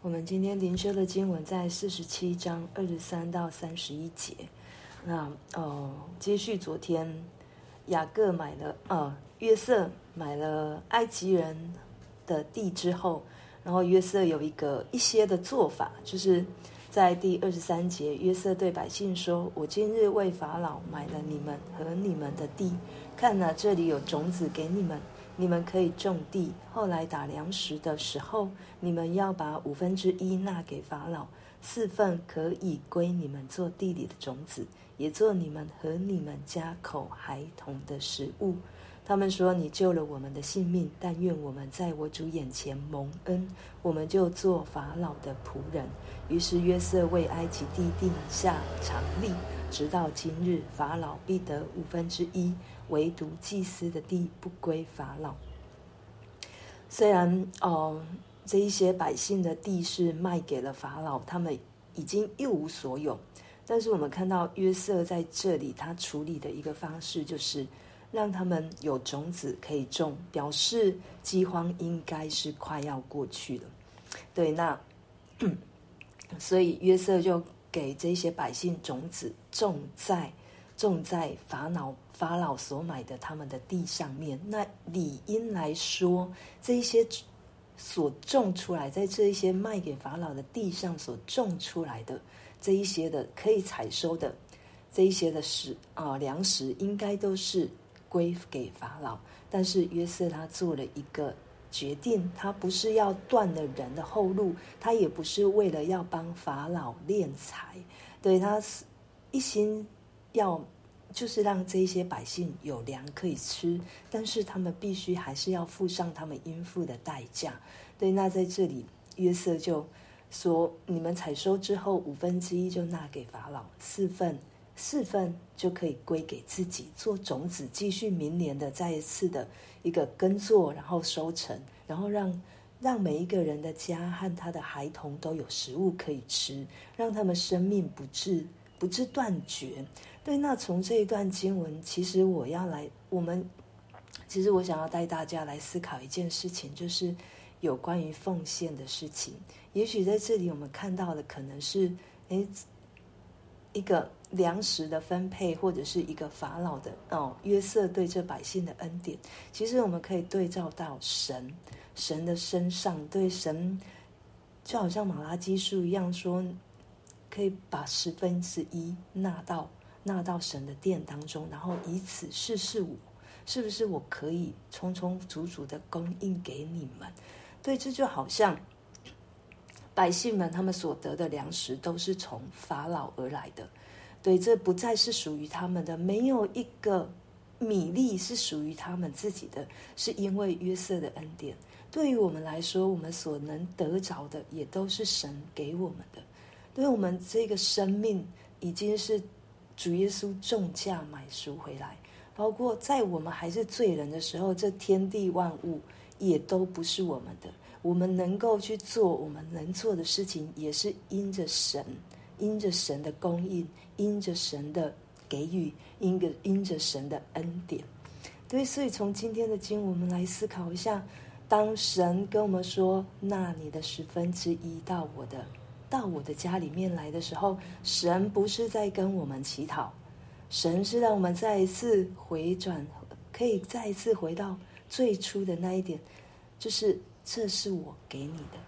我們今天靈修的經文在四十七章二十三到三十一節。那哦、呃，接續昨天，雅各買了，呃，約瑟買了埃及人的地之後，然後約瑟有一個一些的做法，就是在第二十三節，約瑟對百姓說：“我今日為法老買了你們和你們的地，看哪，這裡有種子給你們。”你們可以種地，後來打糧食的時候，你們要把五分之一納給法老，四份可以歸你們做地裡的種子，也做你們和你們家口孩童的食物。他們說：“你救了我們的性命，但願我們在我主眼前蒙恩，我們就做法老的僕人。”於是約瑟為埃及地定下常例，直到今日，法老必得五分之一，唯獨祭司的地不歸法老。雖然哦，這一些百姓的地是賣給了法老，他們已經一無所有。但是我們看到約瑟在這裡，他處理的一個方式就是，讓他們有種子可以種，表示饑荒應該是快要過去了。對，那所以約瑟就給這些百姓種子種在種在法老法老所買的他們的地上面。那理應來說，這一些所種出來，在這一些賣給法老的地上所種出來的這一些的可以採收的這一些的食啊糧食，應該都是。歸給法老，但是約瑟他做了一個決定，他不是要斷了人的後路，他也不是為了要幫法老斂財，對，他是一心要就是讓這些百姓有糧可以吃，但是他們必須還是要付上他們應付的代價。對，那在這裡約瑟就說：“你們採收之後五分之一就納給法老，四分。”四份就可以歸給自己做種子，繼續明年的再一次的一個耕作，然後收成，然後讓讓每一個人的家和他的孩童都有食物可以吃，讓他們生命不至不至斷絕。對，那從這一段經文，其實我要來我們，其實我想要帶大家來思考一件事情，就是有關於奉獻的事情。也許在這裡我們看到的可能是，誒。一個糧食的分配，或者是一個法老的哦，約瑟對這百姓的恩典，其實我們可以對照到神，神的身上。對神，就好像馬拉基書一樣說，說可以把十分之一納到納到神的殿當中，然後以此試試我，是不是我可以充充足足的供應給你們？對，這就好像。百姓們他們所得的糧食都是從法老而來的，對，這不再是屬於他們的，沒有一個米粒是屬於他們自己的，是因為約瑟的恩典。對於我們來說，我們所能得着的也都是神給我們的，對我們這個生命已經是主耶穌重價買贖回來，包括在我們還是罪人的時候，這天地萬物也都不是我們的。我們能夠去做我們能做的事情，也是因着神，因着神的供應，因着神的給予，因着因着神的恩典。對，所以從今天的經文，我們來思考一下：當神跟我們說“那你的十分之一到我的，到我的家裡面來”的時候，神不是在跟我們乞討，神是讓我們再一次回轉，可以再一次回到最初的那一點。就是這是我給你的，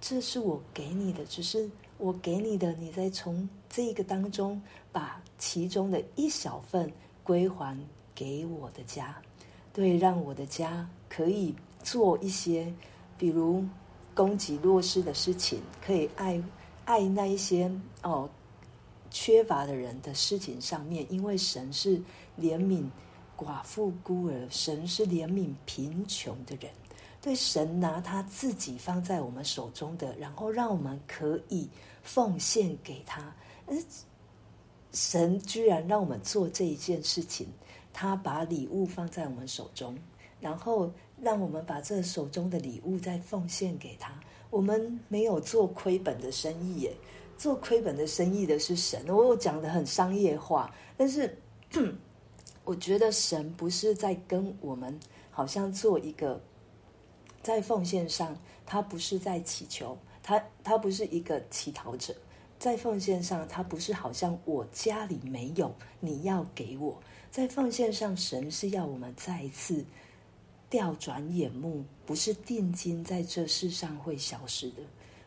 這是我給你的，只、就是我給你的，你再從這個當中把其中的一小份歸還給我的家，對，讓我的家可以做一些，比如供給弱勢的事情，可以愛愛那一些哦缺乏的人的事情上面，因為神是憐憫寡婦孤兒，神是憐憫貧窮的人。對，神拿他自己放在我們手中的，然後讓我們可以奉獻給他。但是神居然讓我們做這一件事情，他把禮物放在我們手中，然後讓我們把這手中的禮物再奉獻給他。我們沒有做虧本的生意耶，做虧本的生意的是神。我講的很商業化，但是我覺得神不是在跟我們好像做一個。在奉獻上，他不是在乞求，他他不是一個乞討者。在奉獻上，他不是好像我家裡沒有，你要給我。在奉獻上，神是要我們再一次調轉眼目，不是定睛在這世上會消失的。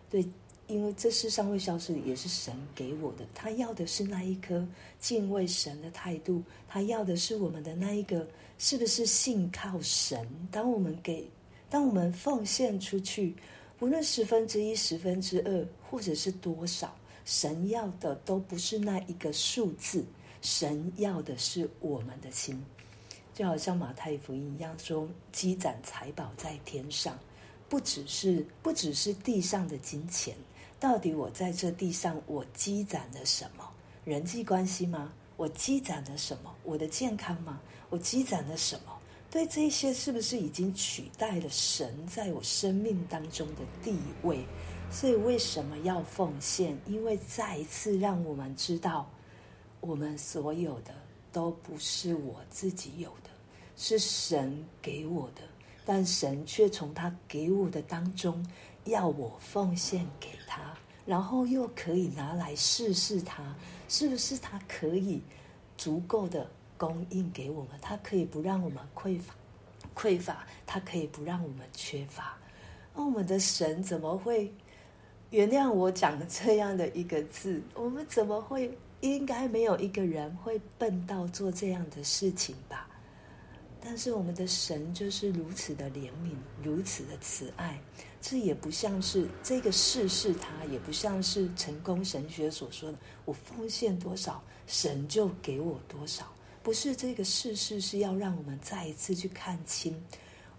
對，因為這世上會消失的，也是神給我的。他要的是那一顆敬畏神的態度，他要的是我們的那一個是不是信靠神？當我們給。當我們奉獻出去，無論十分之一、十分之二，或者是多少，神要的都不是那一個數字，神要的是我們的心，就好像馬太福音一樣說：“積攢財寶在天上，不只是不只是地上的金錢。到底我在這地上，我積攢了什麼？人際關係嗎？我積攢了什麼？我的健康嗎？我積攢了什麼？”所以這些是不是已經取代了神在我生命當中的地位？所以為什麼要奉獻？因為再一次讓我們知道，我們所有的都不是我自己有的，是神給我的。但神卻從他給我的當中要我奉獻給他，然後又可以拿來試試他，是不是他可以足夠的。供應給我們，它可以不讓我們匱乏，匱乏，它可以不讓我們缺乏。那、啊、我們的神怎麼會原諒我講這樣的一個字？我們怎麼會？應該沒有一個人會笨到做這樣的事情吧？但是我們的神就是如此的憐憫，如此的慈愛。這也不像是這個世事它，他也不像是成功神學所說的：我奉獻多少，神就給我多少。不是這個事事是要讓我們再一次去看清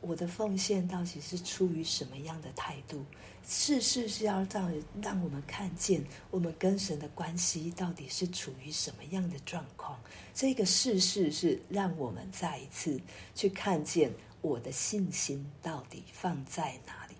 我的奉獻到底是出於什麼樣的態度？事事是要讓讓我們看見我們跟神的關係到底是處於什麼樣的狀況？這個事事是讓我們再一次去看見我的信心到底放在哪裡？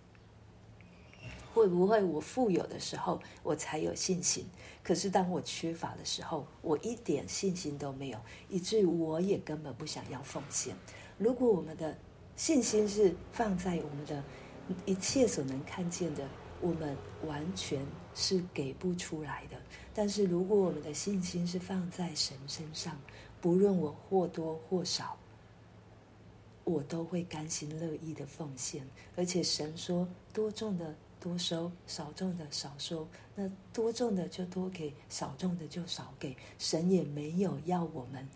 會不會我富有的時候我才有信心？可是當我缺乏的時候，我一點信心都沒有，以至於我也根本不想要奉獻。如果我們的信心是放在我們的一切所能看見的，我們完全是給不出來的。但是，如果我們的信心是放在神身上，不論我或多或少，我都會甘心樂意的奉獻。而且，神說多重的。多收少種的少收，那多種的就多給，少種的就少給。神也沒有要我們，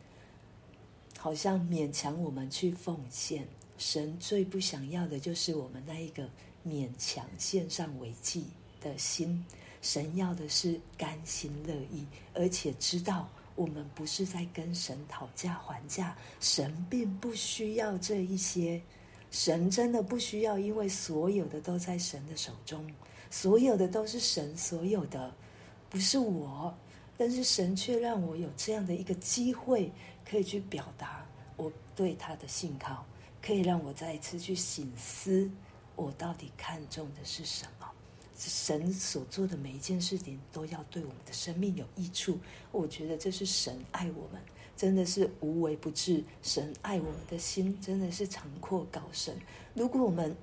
好像勉強我們去奉獻。神最不想要的就是我們那一個勉強獻上為祭的心。神要的是甘心樂意，而且知道我們不是在跟神討價還價。神並不需要這一些。神真的不需要，因為所有的都在神的手中，所有的都是神，所有的不是我。但是神卻讓我有這樣的一個機會，可以去表達我對他的信靠，可以讓我再一次去省思，我到底看重的是什麼？神所做的每一件事情都要對我們的生命有益處，我覺得這是神愛我們。真的是無微不至，神愛我們的心真的是長闊高深。如果我們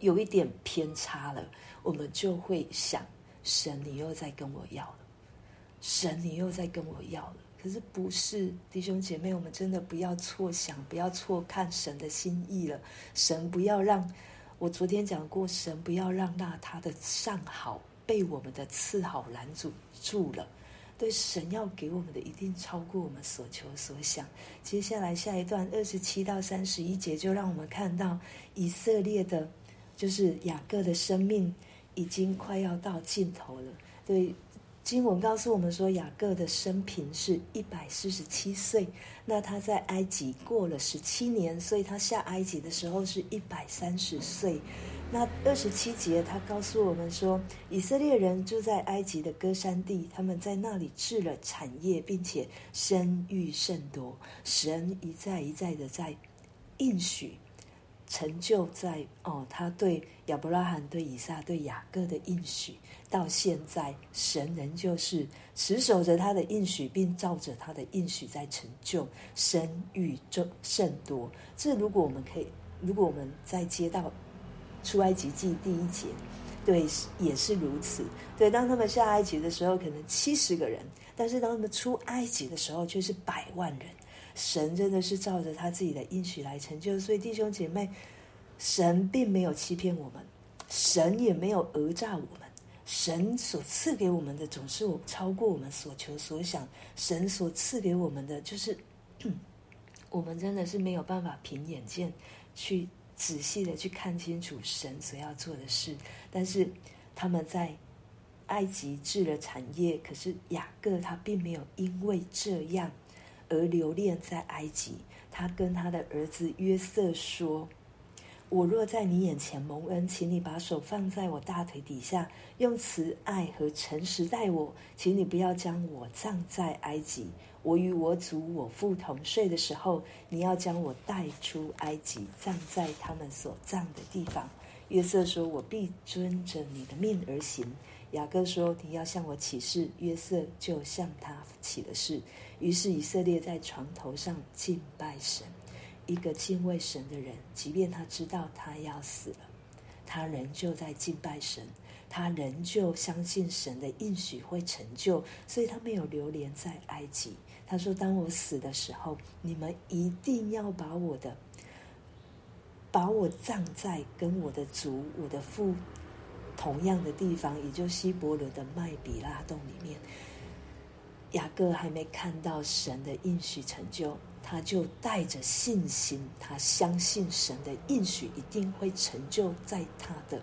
有一點偏差了，我們就會想：神，你又在跟我要了；神，你又在跟我要了。可是不是，弟兄姐妹，我們真的不要錯想，不要錯看神的心意了。神不要讓，我昨天講過，神不要讓那他的上好被我們的次好攔阻住了。對，神要給我們的一定超過我們所求所想。接下來下一段二十七到三十一節，就讓我們看到以色列的，就是雅各的生命已經快要到盡頭了。對，經文告訴我們說，雅各的生平是一百四十七歲。那他在埃及過了十七年，所以他下埃及的時候是一百三十歲。那二十七節，他告訴我們說，以色列人住在埃及的歌珊地，他們在那裡置了產業，並且生育甚多。神一再一再的在應許成就在，在哦，他對亞伯拉罕、對以撒、對雅各的應許，到現在神仍舊是持守着他的應許，並照着他的應許在成就生育甚多。這如果我們可以，如果我們在接到。出埃及記第一節，對，也是如此。對，當他們下埃及的時候，可能七十個人；但是當他們出埃及的時候，卻是百萬人。神真的是照着他自己的應許來成就，所以弟兄姐妹，神並沒有欺騙我們，神也沒有訛詐我們。神所賜給我們的，總是我超過我們所求所想。神所賜給我們的，就是我們真的是沒有辦法憑眼見去。仔細地去看清楚神所要做的事，但是他們在埃及置了產業，可是雅各他並沒有因為這樣而留戀在埃及。他跟他的兒子約瑟說：“我若在你眼前蒙恩，請你把手放在我大腿底下，用慈愛和誠實待我，請你不要將我葬在埃及。”我與我祖我父同睡的時候，你要將我帶出埃及，葬在他們所葬的地方。約瑟說：“我必遵着你的命而行。”雅各說：“你要向我起誓。”約瑟就向他起了誓。於是以色列在床頭上敬拜神。一個敬畏神的人，即便他知道他要死了，他仍舊在敬拜神。他仍舊相信神的應許會成就，所以他沒有流連在埃及。他說：“當我死的時候，你們一定要把我的，把我葬在跟我的祖、我的父同樣的地方，也就是希伯倫的麥比拉洞裡面。”雅各還沒看到神的應許成就，他就帶着信心，他相信神的應許一定會成就在他的。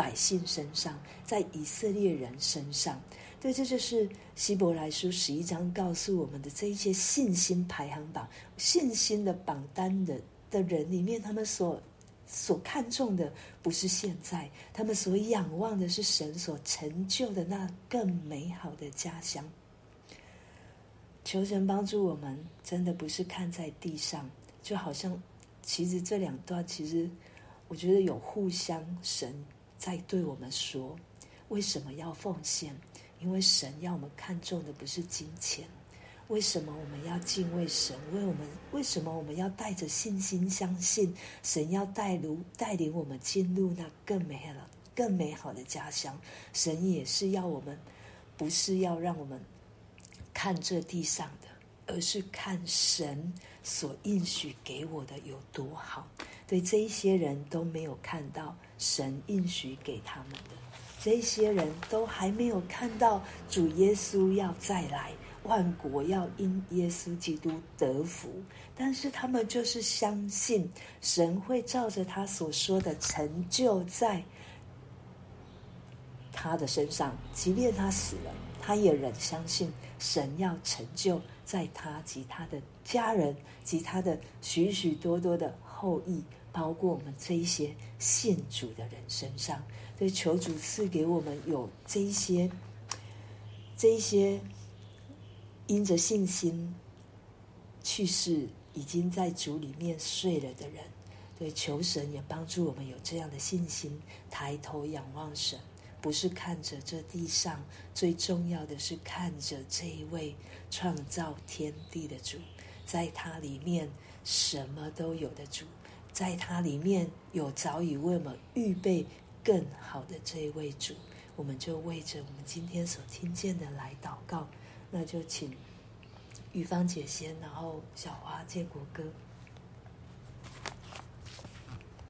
百姓身上，在以色列人身上，對，這就是希伯來書十一章告訴我們的這一些信心排行榜、信心的榜單的的人裡面，他們所所看重的不是現在，他們所仰望的是神所成就的那更美好的家鄉。求神幫助我們，真的不是看在地上，就好像其實這兩段，其實我覺得有互相神。在對我們說，為什麼要奉獻？因為神要我們看重的不是金錢。為什麼我們要敬畏神？為我們為什麼我們要帶着信心相信神要帶如帶領我們進入那更美了，更美好的家鄉？神也是要我們，不是要讓我們看這地上的。而是看神所應許給我的有多好，對，這一些人都沒有看到神應許給他們的。這一些人都還沒有看到主耶穌要再來，萬國要因耶穌基督得福，但是他們就是相信神會照着他所說的成就在他的身上，即便他死了，他也仍相信。神要成就在他及他的家人及他的許許多多的後裔，包括我們這一些信主的人身上。對，求主賜給我們有這一些，這一些因着信心去世已經在主裡面睡了的人。對，求神也幫助我們有這樣的信心，抬頭仰望神。不是看着這地上，最重要的是看着這一位創造天地的主，在他裡面什麼都有的主，在他裡面有早已為我們預備更好的這一位主，我們就為着我們今天所聽見的來禱告。那就請雨芳姐先，然後小花借國歌。